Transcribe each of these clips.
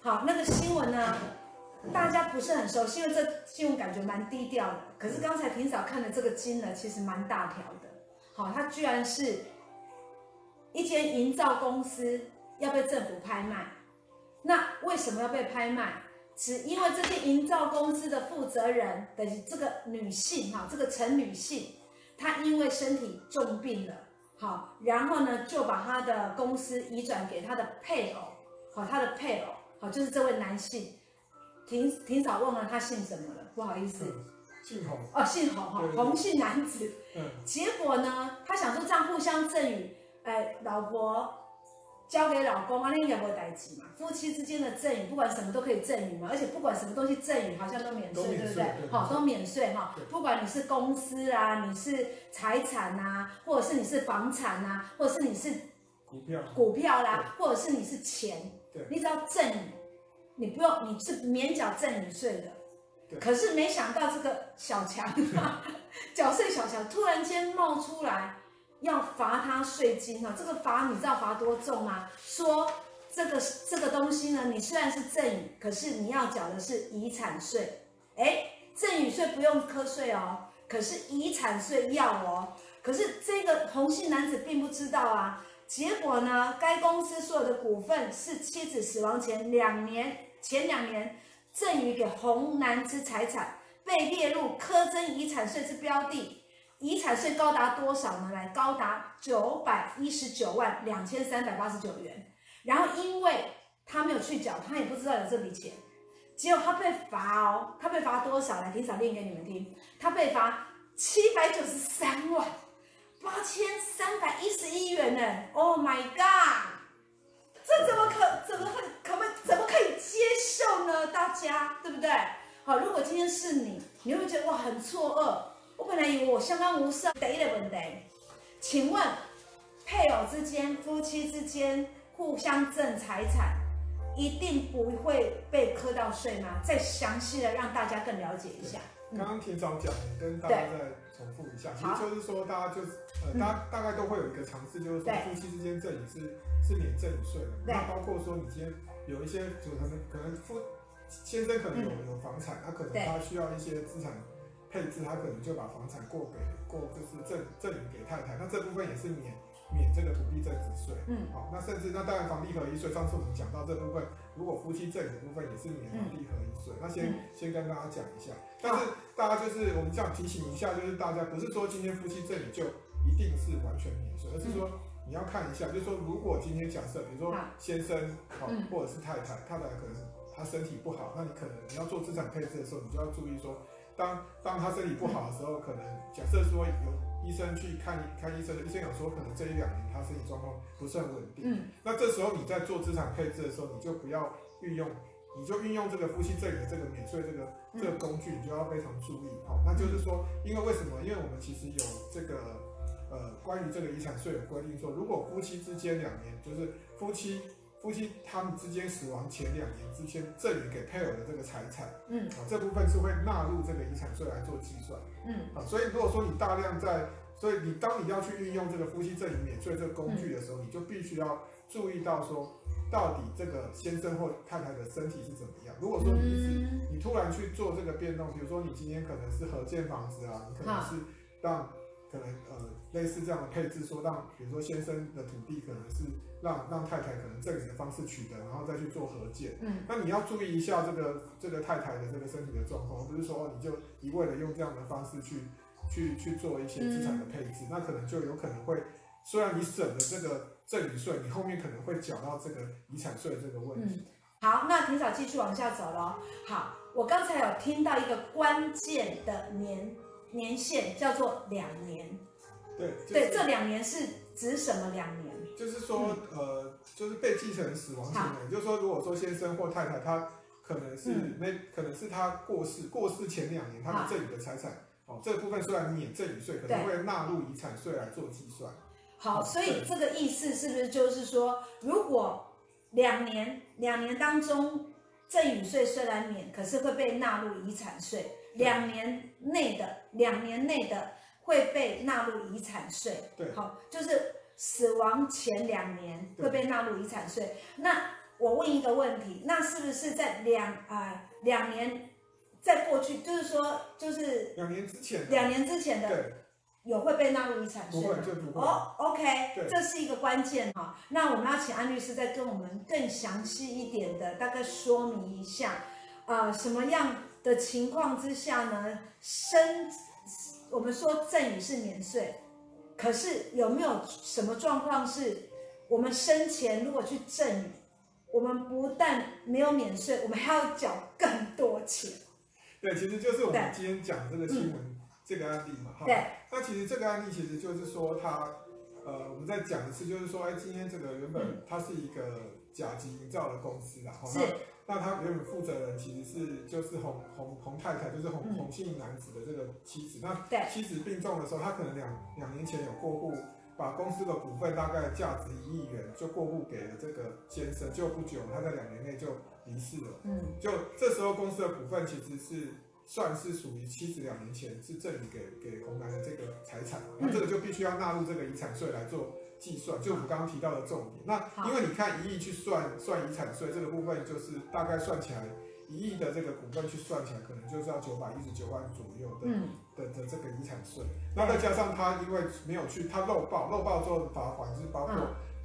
好，那個新聞呢，大家不是很熟悉，因為這新聞感覺蠻低調的。可是剛才霆嫂看的這個金額其實蠻大條的。好，它居然是一間營造公司要被政府拍賣。那為什麼要被拍賣？是因為這些營造公司的負責人的這個女性，哈，這個陳女性，她因為身體重病了，好，然後呢就把她的公司移轉給她的配偶，好，她的配偶。好，就是這位男性，挺挺早問了、啊、他姓什麼了，不好意思。姓洪、嗯、是哦，姓洪哈，洪姓男子。嗯、結果呢，他想說這樣互相贈與，哎，老婆交給老公啊，那應該不會代持嘛。夫妻之間的贈與，不管什麼都可以贈與嘛，而且不管什麼東西贈與，好像都免稅，免稅對不對，對？好，都免稅哈。不管你是公司啊，你是財產啊，或者是你是房產啊，或者是你是股票、啊、股票啦、啊，對 或者是你是錢。你只要贈與，你不用，你是免繳贈與稅的。對可是沒想到這個小強，繳稅小強突然間冒出來要罰他稅金啊！這個罰，你知道罰多重嗎？說這個這個東西呢，你雖然是贈與，可是你要繳的是遺產稅。哎，贈與稅不用課稅哦，可是遺產稅要哦。可是這個洪姓男子並不知道啊。結果呢？該公司所有的股份是妻子死亡前兩年前兩年贈與給洪男之財產，被列入課徵遺產稅之標的。遺產稅高達多少呢？來，高達九百一十九萬兩千三百八十九元。然後因為他沒有去繳，他也不知道有這筆錢，結果他被罰哦。他被罰多少來？等一下念給你們聽，他被罰七百九十三萬八千三百一十一元呢、欸。Oh my god！這怎麼可怎麼會可不怎麼可以接受呢？大家對不對？好，如果今天是你，你會不會覺得哇很錯愕？我本來以為我相安無事，第一個問題，請問配偶之間、夫妻之間互相贈財產，一定不會被課到稅嗎？再詳細的讓大家更了解一下。剛剛霆嫂講、嗯、跟大家在。重複一下，其實就是說大就、嗯呃，大家就呃，大大概都會有一個常識，就是說夫妻之間贈與是對是免贈與稅的。對那包括說，你今天有一些，組成的，可能夫先生可能有有房產，嗯、他可能他需要一些資產配置，對他可能就把房產過給過就是贈贈與給太太，那這部分也是免。免這個土地增值稅，嗯，好、哦，那甚至那當然，房地合一稅，上次我們講到這部分，如果夫妻贈的部分也是免房地合一稅，嗯、那先先跟大家講一下。但是大家就是我們這樣提醒一下，就是大家不是說今天夫妻贈與就一定是完全免稅，而是說、嗯、你要看一下，就是說如果今天假設比如說先生好、嗯哦，或者是太太，太太可能她身體不好，那你可能你要做資產配置的時候，你就要注意說，當當她身體不好的時候，嗯、可能假設說有。醫生去看看醫生的醫生有說，可能這一兩年他身體狀況不是很穩定。嗯、那這時候你在做資產配置的時候，你就不要運用，你就運用這個夫妻贈與這個免稅這個這個工具，你就要非常注意好、嗯哦，那就是說，因為為什麼？因為我們其實有這個呃關於這個遺產稅有規定說，說如果夫妻之間兩年，就是夫妻。夫妻他們之間死亡前兩年之間贈與給配偶的這個財產，嗯啊這部分是會納入這個遺產稅來做計算，嗯啊所以如果說你大量在，所以你當你要去運用這個夫妻贈與免稅這個工具的時候，嗯、你就必須要注意到說，到底這個先生或太太的身體是怎麼樣。如果說你、嗯、你突然去做這個變動，比如說你今天可能是合建房子啊，你可能是讓。可能呃，類似這樣的配置，說讓比如說先生的土地可能是讓讓太太可能贈與的方式取得，然後再去做和解。嗯，那你要注意一下這個這個太太的這個身體的狀況，而不是說你就一味的用這樣的方式去去去做一些資產的配置，嗯、那可能就有可能會，雖然你省了這個贈與稅，你後面可能會繳到這個遺產稅這個問題。嗯、好，那提早繼續往下走咯。好，我剛才有聽到一個關鍵的年。年限叫做兩年，嗯、對、就是、對，這兩年是指什麼？兩年就是說，嗯、呃，就是被繼承人死亡前，嗯、就是說，如果說先生或太太他可能是那、嗯、可能是他過世，過世前兩年，他們贈與的財產，好，這部分雖然免贈與稅，可能會納入遺產稅來做計算。好，哦、所以這個意思是不是就是說，如果兩年兩年當中贈與稅雖然免，可是會被納入遺產稅？對兩年內的，兩年內的會被納入遺產稅，對，好、哦，就是死亡前兩年會被納入遺產稅。對那我問一個問題，那是不是在兩啊、呃、兩年，在過去就是說就是兩年之前，對兩年之前的有會被納入遺產稅嗎？不會，不會。哦、oh,，OK，對這是一個關鍵哈、哦。那我們要請安律師再跟我們更詳細一點的大概說明一下，啊、呃，什麼樣？的情況之下呢，生我們說贈與是免稅，可是有沒有什麼狀況是，我們生前如果去贈與，我們不但沒有免稅，我們還要繳更多錢。對，其實就是我們今天講的這個新聞，對這個案例嘛，嗯、哈。對。那其實這個案例其實就是說，它。呃，我們在講的是，就是說，哎，今天這個原本他是一個。嗯甲級營造的公司啦，好，那是那他原本負責人其實是就是洪洪洪太太，就是洪洪、嗯、姓男子的這個妻子。那妻子病重的時候，他可能兩兩年前有過戶，把公司的股份大概價值一億元就過戶給了這個先生。就不久，他在兩年內就離世了。嗯，就這時候公司的股份其實是算是屬於妻子兩年前是贈與給給洪男的這個財產，那這個就必須要納入這個遺產稅來做。嗯計算，就我們剛剛提到的重點。好那因為你看一億去算算遺產稅好這個部分，就是大概算起來一億的這個股份去算起來，可能就是要九百一十九萬左右的的的、嗯、這個遺產稅。對那再加上他因為沒有去他漏報，漏報之後的罰款是包括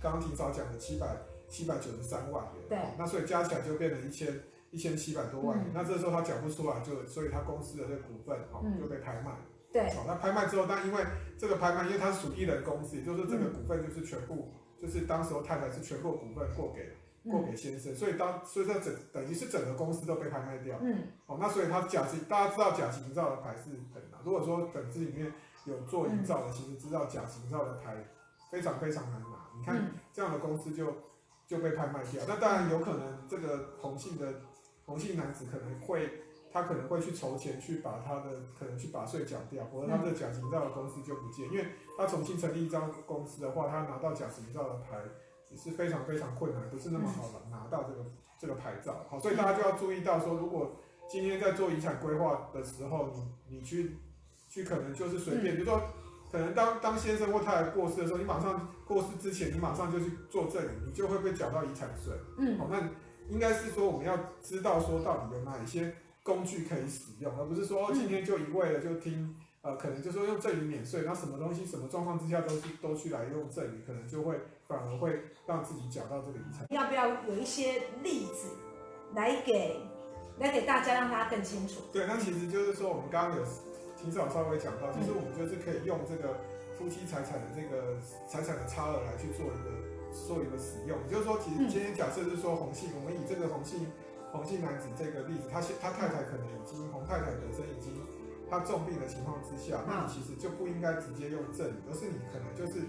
剛剛提早講的七百七百九十三萬元。對，那所以加起來就變成一千一千七百多萬元。嗯、那這時候他講不出來就，就所以他公司的這個股份哈、嗯、就被拍賣。對好，那拍賣之後，但因為這個拍賣，因為它屬一人公司，也就是這個股份，就是全部，嗯、就是當時候太太是全部股份過給、嗯、過給先生，所以當所以在整等於是整個公司都被拍賣掉。嗯，哦，那所以他甲級，大家知道甲級營造的牌是很難。如果說本式裡面有做營造的，嗯、其實知道甲級營造的牌非常非常難拿。你看這樣的公司就、嗯、就被拍賣掉，那當然有可能這個洪姓的洪姓男子可能會。他可能會去籌錢，去把他的可能去把稅繳掉，否則他這個甲級營造的公司就不見，嗯、因為他重新成立一家公司的話，他拿到甲級營造的牌也是非常非常困難，不是那麼好拿到這個、嗯、這個牌照。好，所以大家就要注意到說，如果今天在做遺產規劃的時候，你你去去可能就是隨便，嗯、比如說可能當當先生或太太過世的時候，你馬上過世之前，你馬上就去做贈與，你就會被繳到遺產稅。嗯，好，那應該是說我們要知道說到底有哪些。工具可以使用，而不是說今天就一味的就聽，嗯、呃，可能就說用贈與免稅，那什麼東西、什麼狀況之下都去都去來用贈與，可能就會反而會讓自己繳到這個遺產。要不要有一些例子來給來給大家，讓大家更清楚？對，那其實就是說我們剛剛有提早稍微講到，其實、嗯、我們就是可以用這個夫妻財產的這個財產的差額來去做一個、嗯、做一個使用，也就是說，其實今天假設是說洪姓，我們以這個洪姓。洪姓男子這個例子，他現他太太可能已經，洪太太本身已經他重病的情況之下，那其實就不應該直接用贈與，而是你可能就是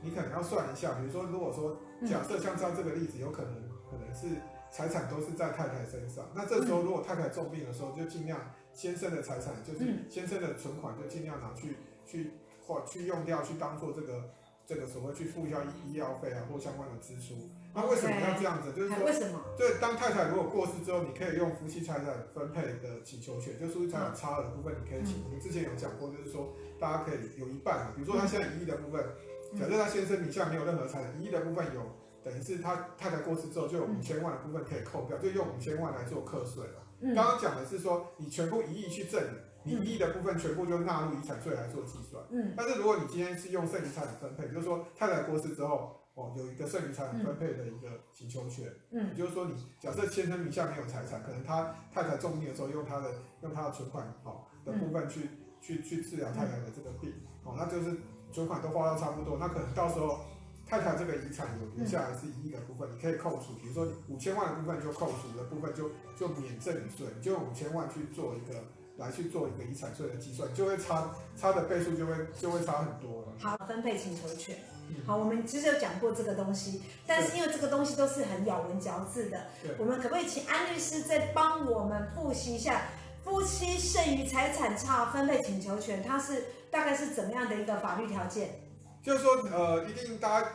你可能要算一下，比如說，如果說假設像照這個例子，嗯、有可能可能是財產都是在太太身上，那這時候如果太太重病的時候，嗯、就盡量先生的財產就是先生的存款就盡量拿去、嗯、去或去用掉去當做這個。這個所謂去付一下醫藥費啊，或相關的支出，那為什麼要這樣子？對就是說，就是當太太如果過世之後，你可以用夫妻財產分配的請求權，就是財產差額部分你可以請。嗯、我們之前有講過，就是說大家可以有一半，比如說他現在一億的部分，嗯、假設他先生名下沒有任何財產，一億、嗯、的部分有等於是他太太過世之後就有五千萬的部分可以扣掉，嗯、就用五千萬來做課稅了。嗯、剛剛講的是說你全部一億去掙。遺立的部分全部就納入遺產稅來做計算。嗯。但是如果你今天是用剩餘財產分配，就是說太太過世之後，哦有一個剩餘財產分配的一個請求權。嗯。也就是說，你假設先生名下沒有財產，可能他太太重病的時候，用他的用他的存款，好，的部分去去去治療太太的這個病，好，那就是存款都花到差不多，那可能到時候太太這個遺產有留下來是一億的部分，你可以扣除，比如說五千萬的部分就扣除的部分就免你就免徵稅，你就用五千萬去做一個。來去做一個遺產稅的計算，就會差，差的倍數就會就會差很多了。好，分配請求權。好，我們其實有講過這個東西，但是因為這個東西都是很咬文嚼字的，對我們可不可以請安律師再幫我們複習一下對夫妻剩餘財產差分配請求權，它是大概是怎麼樣的一個法律條件？就是說，呃，一定大家。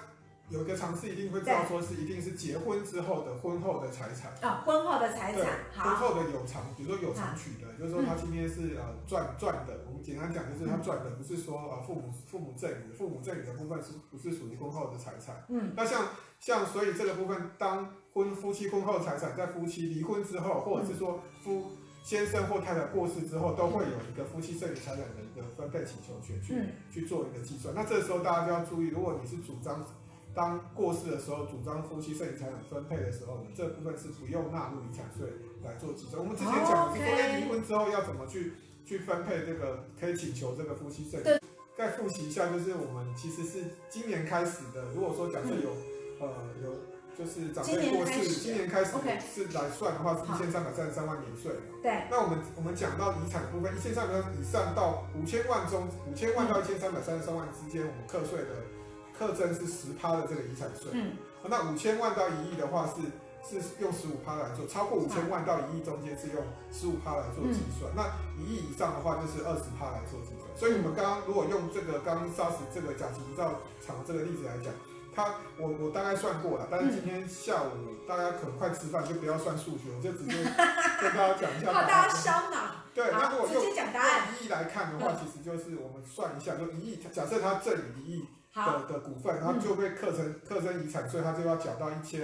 有一個常識，一定會知道，說是，一定是結婚之後的婚後的財產啊，婚後的財產，婚後的有償，比如說有償取得，就是說他今天是呃賺賺的，我們簡單講就是他賺的，不是說呃父母父母贈與父母贈與的部分是不是屬於婚後的財產？嗯，那像像所以這個部分，當婚夫妻婚後財產在夫妻離婚之後，或者是說夫先生或太太過世之後，都會有一個夫妻贈與財產的一個分配請求權去去做一個計算。那這時候大家就要注意，如果你是主張。當過世的時候，主張夫妻剩餘財產分配的時候，這部分是不用納入遺產稅來做計算。我們之前講，離、哦 okay、婚之後要怎麼去去分配這個，可以請求這個夫妻剩餘。對再複習一下，就是我們其實是今年開始的。如果說假設有、嗯、呃有就是長輩過世，今年，今年開始是來算的話，是一千三百三十三萬年稅。對，那我們我們講到遺產部分，一千三百萬以上到五千萬中，五千萬到一千三百三十三萬之間，我們課稅的、嗯。特徵是十趴的這個遺產稅，嗯、那五千萬到一億的話是是用十五趴來做，超過五千萬到一億中間是用十五趴來做計算，嗯、那一億以上的話就是二十趴來做計算。嗯、所以我們剛剛如果用這個剛殺死這個甲級營造廠這個例子來講，它我我大概算過了，但是今天下午、嗯、大家可能快吃飯就不要算數學，我就直接跟 大家講一下。怕大家燒腦。對，好那如果用一億來看的話，其實就是我們算一下，就一億假設它這裡一億。好嗯、的的股份，然後就被課徵課徵遺產稅，他就要繳到一千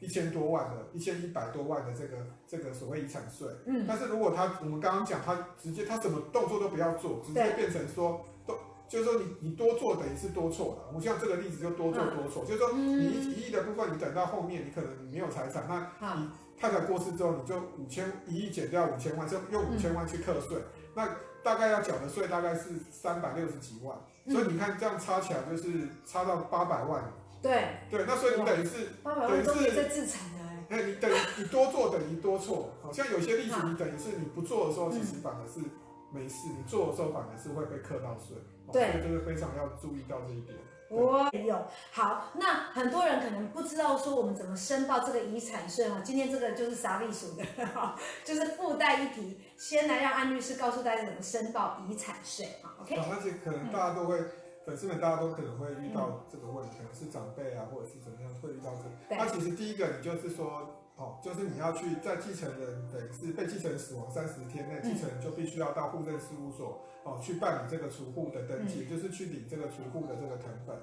一千多萬的，一千一百多萬的這個這個所謂遺產稅。嗯，但是如果他我們剛剛講他直接他什麼動作都不要做，直接變成說對都就是說你你多做等於是多錯了。我像這個例子就多做多錯，嗯嗯、就是說你一億的部分你等到後面你可能你沒有財產，那你太太過世之後你就五千一億減掉五千萬，就用五千萬去課稅，嗯、那大概要繳的稅大概是三百六十幾萬。嗯、所以你看，這樣差起來就是差到八百萬。對對，那所以你等於是，等於是在哎、欸欸。你等你， 等你多做，等於多錯。好、哦、像有些例子，你等於是你不做的時候，其實反而是沒事；嗯、你做的時候，反而是會被課到稅對、哦、所以就是非常要注意到這一點。哇，對我也有好，那很多人可能不知道說我們怎麼申報這個遺產稅啊？今天這個就是沙力屬的，呵呵，就是附帶一提，先來讓安律師告訴大家怎麼申報遺產稅啊？OK，、嗯、而且可能大家都會，粉絲們大家都可能會遇到這個問題，是長輩啊，或者是怎麼樣會遇到這個？對啊、那其實第一個你就是說。哦，就是你要去在繼承人等於是被繼承人死亡三十天內，繼承人就必須要到戶政事務所哦去辦理這個除戶的登記，嗯、就是去領這個除戶的這個謄本。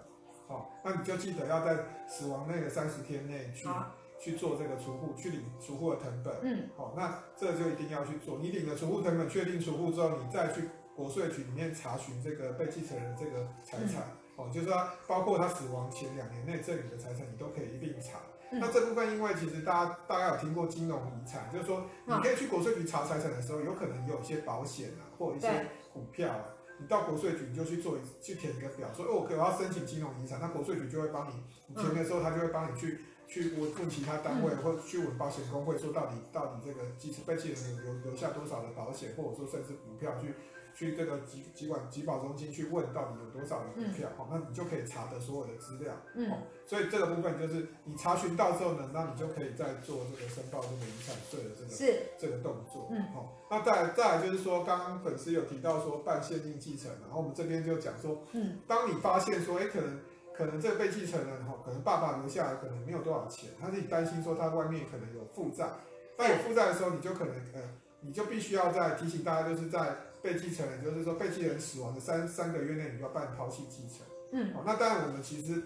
好、嗯哦，那你就記得要在死亡內的三十天內去、嗯、去做這個除戶，去領除戶的謄本。嗯。好、哦，那這就一定要去做。你領了除戶謄本，確定除戶之後，你再去國稅局裡面查詢這個被繼承人的這個財產。嗯、哦，就是說包括他死亡前兩年內贈與的財產，你都可以一併查。那這部分，因為其實大家大概有聽過金融遺產，就是說你可以去國稅局查財產的時候，有可能有一些保險啊，或一些股票啊，你到國稅局你就去做一去填一個表，說哦，我可以，我要申請金融遺產，那國稅局就會幫你填的時候，他就會幫你去去問問其他單位，或去問保險公會，說到底到底這個被繼承人留留下多少的保險，或者說甚至股票去。去這個集管集保中心去問到底有多少的股票，嗯哦、那你就可以查得所有的資料。嗯哦、所以這個部分就是你查詢到之後呢，那你就可以再做這個申報這個遺產稅的這個是這個動作。嗯，好、哦，那再來再來就是說，剛剛粉絲有提到說辦限定繼承，然後我們這邊就講說，嗯，當你發現說，哎，可能可能這個被繼承人哈，可能爸爸留下來可能沒有多少錢，他自己擔心說他外面可能有負債，那有負債的時候，你就可能呃，嗯、你就必須要再提醒大家，就是在被繼承人就是說，被繼承人死亡的三三個月內你就要辦拋棄繼承。嗯，好、哦，那當然我們其實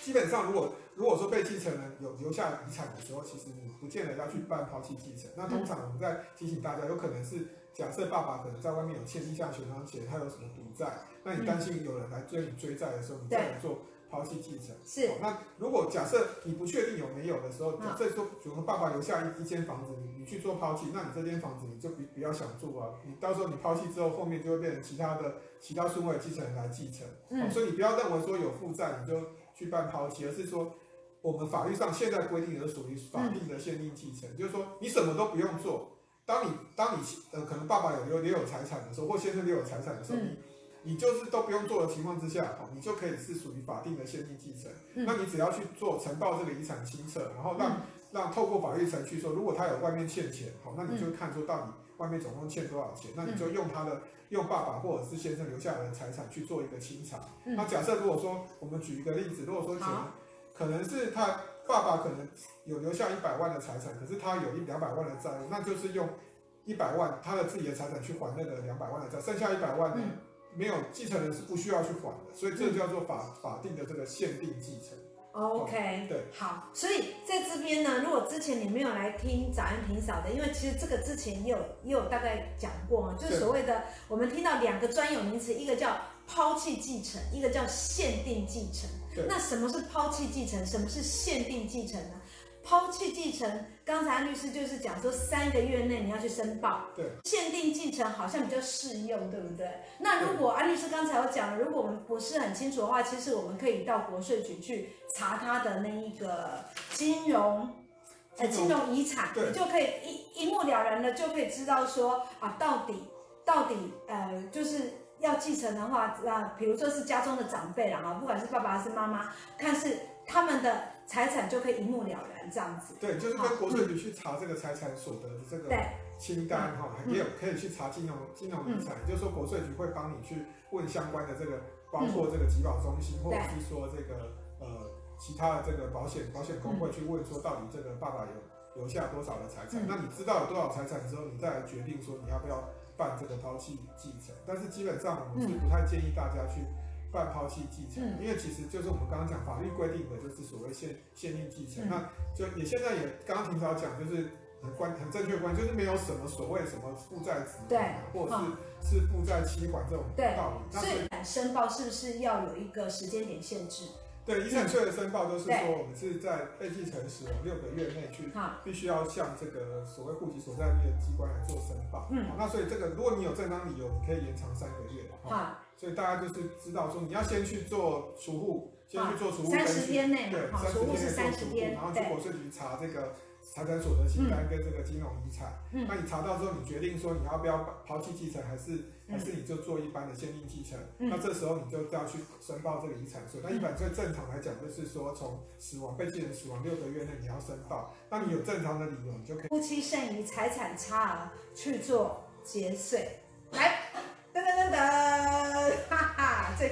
基本上，如果如果說被繼承人有留下遺產的時候，其實你不見得要去辦拋棄繼承。嗯、那通常我們在提醒大家，有可能是假設爸爸可能在外面有欠地下錢，而且他有什麼賭債，那你擔心有人來追你追債的時候，嗯、你再來做。拋棄繼承是、哦，那如果假設你不確定有沒有的時候，假設說比、嗯、如爸爸留下一一間房子，你你去做拋棄，那你這間房子你就比比較想住啊？你到時候你拋棄之後，後面就會變成其他的其他順位繼承人來繼承，嗯哦。所以你不要認為說有負債你就去辦拋棄，而是說我們法律上現在規定是屬於法定的限定繼承，嗯、就是說你什麼都不用做。當你當你呃可能爸爸有留留有財產的時候，或先生留有財產的時候。嗯你就是都不用做的情況之下，你就可以是屬於法定的限定繼承。嗯、那你只要去做陳報這個遺產清冊，然後讓、嗯、讓透過法律程序說，如果他有外面欠錢，好，那你就看出到底外面總共欠多少錢。嗯、那你就用他的用爸爸或者是先生留下來的財產去做一個清查。嗯、那假設如果說我們舉一個例子，如果說可能好可能是他爸爸可能有留下一百萬的財產，可是他有一兩百萬的債務，那就是用一百萬他的自己的財產去還那個兩百萬的債，剩下一百萬呢？嗯沒有繼承人是不需要去管的，所以這個叫做法、嗯、法定的這個限定繼承。OK，對，好，所以在這邊呢，如果之前你沒有來聽早安霆嫂的，因為其實這個之前也有也有大概講過啊，就是所謂的對我們聽到兩個專有名詞，一個叫拋棄繼承，一個叫限定繼承。對那什麼是拋棄繼承？什麼是限定繼承呢？拋棄繼承，剛才安律師就是講說三個月內你要去申報，對，限定繼承好像比較適用，對不對？那如果，對，安律師剛才我講了，如果我們不是很清楚的話，其實我們可以到國稅局去查他的那一個金融，呃，金融，金融遺產，對，就可以一一目了然的就可以知道說啊，到底到底呃，就是要繼承的話，那比如說是家中的長輩了啊，不管是爸爸還是媽媽，但是他們的。財產就可以一目了然這樣子。對，就是跟國稅局去查這個財產所得的這個清單哈，也、嗯、有可以去查金融金融資產、嗯嗯嗯、就是說國稅局會幫你去問相關的這個，包括這個集保中心，嗯、或者是說這個呃其他的這個保險保險公會去問說到底這個爸爸有留下多少的財產？嗯、那你知道有多少財產之後，你再來決定說你要不要辦這個拋棄繼承。但是基本上我們是不太建議大家去。嗯半拋棄繼承，因為其實就是我們剛剛講法律規定的就是所謂限限定繼承，嗯、那就也現在也剛剛霆嫂講就是很觀很正確觀，就是沒有什麼所謂什麼負債子女，對啊、或者是是負債妻管這種道理。對那所以申報是不是要有一個時間點限制？對遺產稅的申報都是說我們是在被繼承時對六個月內去，啊、必須要向這個所謂戶籍所在地的機關來做申報。嗯、啊，那所以這個如果你有正當理由，你可以延長三個月。的好、嗯。啊所以大家就是知道說，你要先去做除戶，先去做除戶，三十天內，對，除戶是三十天，然後去國稅局查這個財產所得清單跟這個金融遺產。那你查到之後，你決定說你要不要拋棄繼承，還是還是你就做一般的限定繼承？那這時候你就要去申報這個遺產稅。那一般最正常來講，就是說從死亡被繼承人死亡六個月內你要申報。那你有正常的理由，你就可以夫妻剩餘財產差額去做節稅。來，噔噔噔噔。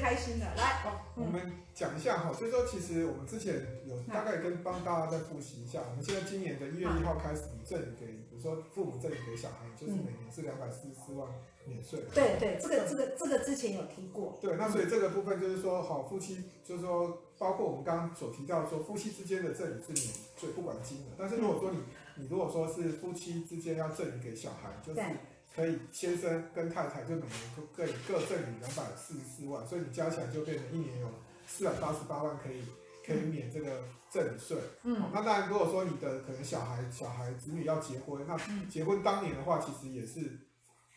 開心的，來，我們講一下哈。所以說，其實我們之前有大概跟幫大家再複習一下。我們現在今年的一月一號開始，你贈予給，比如說父母贈予給小孩，就是每年是兩百四十四萬免稅。嗯、對對，這個這個這個之前有提過。對，那所以這個部分就是說，好夫妻，就是說，包括我們剛剛所提到說，夫妻之間的贈與是免稅，所以不管金額。但是如果說你你如果說是夫妻之間要贈予給小孩，就是。可以，先生跟太太就每年都可以各贈你兩百四十四萬，所以你加起來就變成一年有四百八十八萬可以可以免這個贈與稅。嗯、那當然，如果說你的可能小孩、小孩子女要結婚，那結婚當年的話，其實也是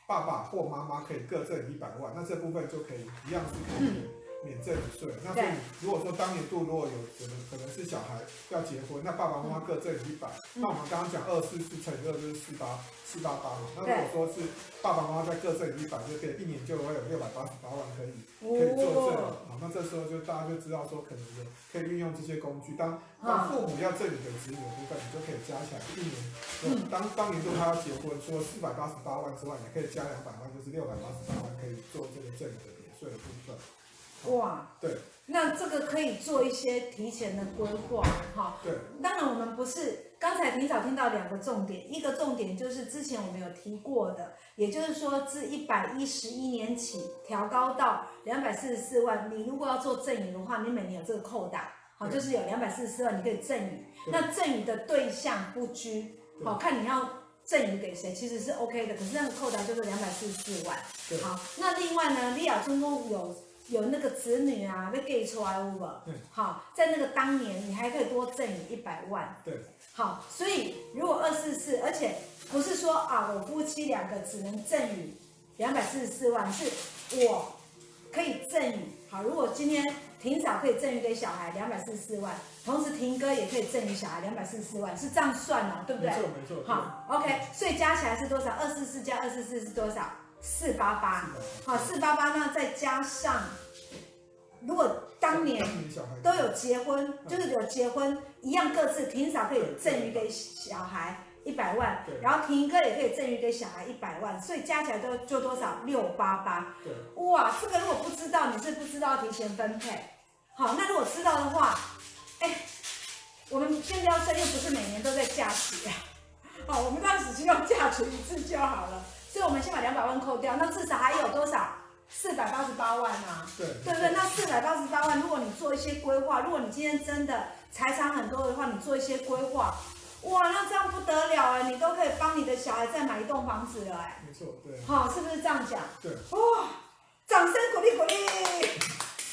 爸爸或媽媽可以各贈一百萬，那這部分就可以一樣是可以免免贈與稅，那所以對如果說當年度如果有可能可能是小孩要結婚，那爸爸媽媽各贈與一百，那我們剛剛講二四四乘以二就是四八四八八萬，對那如果說是爸爸媽媽再各贈與一百，就可以一年就會有六百八十八萬可以可以做稅、哦，那這時候就大家就知道說可能有可以運用這些工具，當當父母要贈與的子女部分，你就可以加起來一年，當、嗯、當年度他要結婚，除了四百八十八萬之外，你可以加兩百萬，就是六百八十八萬可以做這個贈與的免稅的部分。哇，對，那這個可以做一些提前的規劃，哈，對。當然，我們不是剛才挺早聽到兩個重點，一個重點就是之前我們有提過的，也就是說自一百一十一年起調高到兩百四十四萬，你如果要做贈與的話，明明你每年有這個扣打。好，就是有兩百四十四萬你可以贈與，對那贈與的對象不拘，好對看你要贈與給誰其實是 OK 的，可是那個扣打就是兩百四十四萬，對好，那另外呢，利亞中公有。有那個子女啊，要嫁出去有沒有？好，在那個當年你還可以多贈與一百萬，對，好，所以如果二四四，而且不是說啊，我夫妻兩個只能贈與兩百四十四萬，是我可以贈與，好，如果今天霆嫂可以贈與給小孩兩百四十四萬，同時霆哥也可以贈與小孩兩百四十四萬，是這樣算哦，對不對？沒錯沒錯，好對，OK，所以加起來是多少？二四四加二四四是多少？四八八，8, 的好，四八八，呢，再加上，如果當年都有結婚，就是有結婚，一樣各自霆嫂可以贈予給小孩一百萬，對然後霆哥也可以贈予給小孩一百萬，對所以加起來就就多少六八八。對，哇，這個如果不知道你是不知道提前分配，好，那如果知道的話，哎、欸，我們先不要說，又不是每年都在嫁娶、啊，好，我們當時只要嫁娶一次就好了。所以我們先把兩百萬扣掉，那至少還有多少？四百八十八萬啊！對對對，那四百八十八萬，如果你做一些規劃，如果你今天真的財產很多的話，你做一些規劃，哇，那這樣不得了欸！你都可以幫你的小孩再買一棟房子了哎，沒錯，對，好，是不是這樣講？對，哇，掌聲鼓勵鼓勵。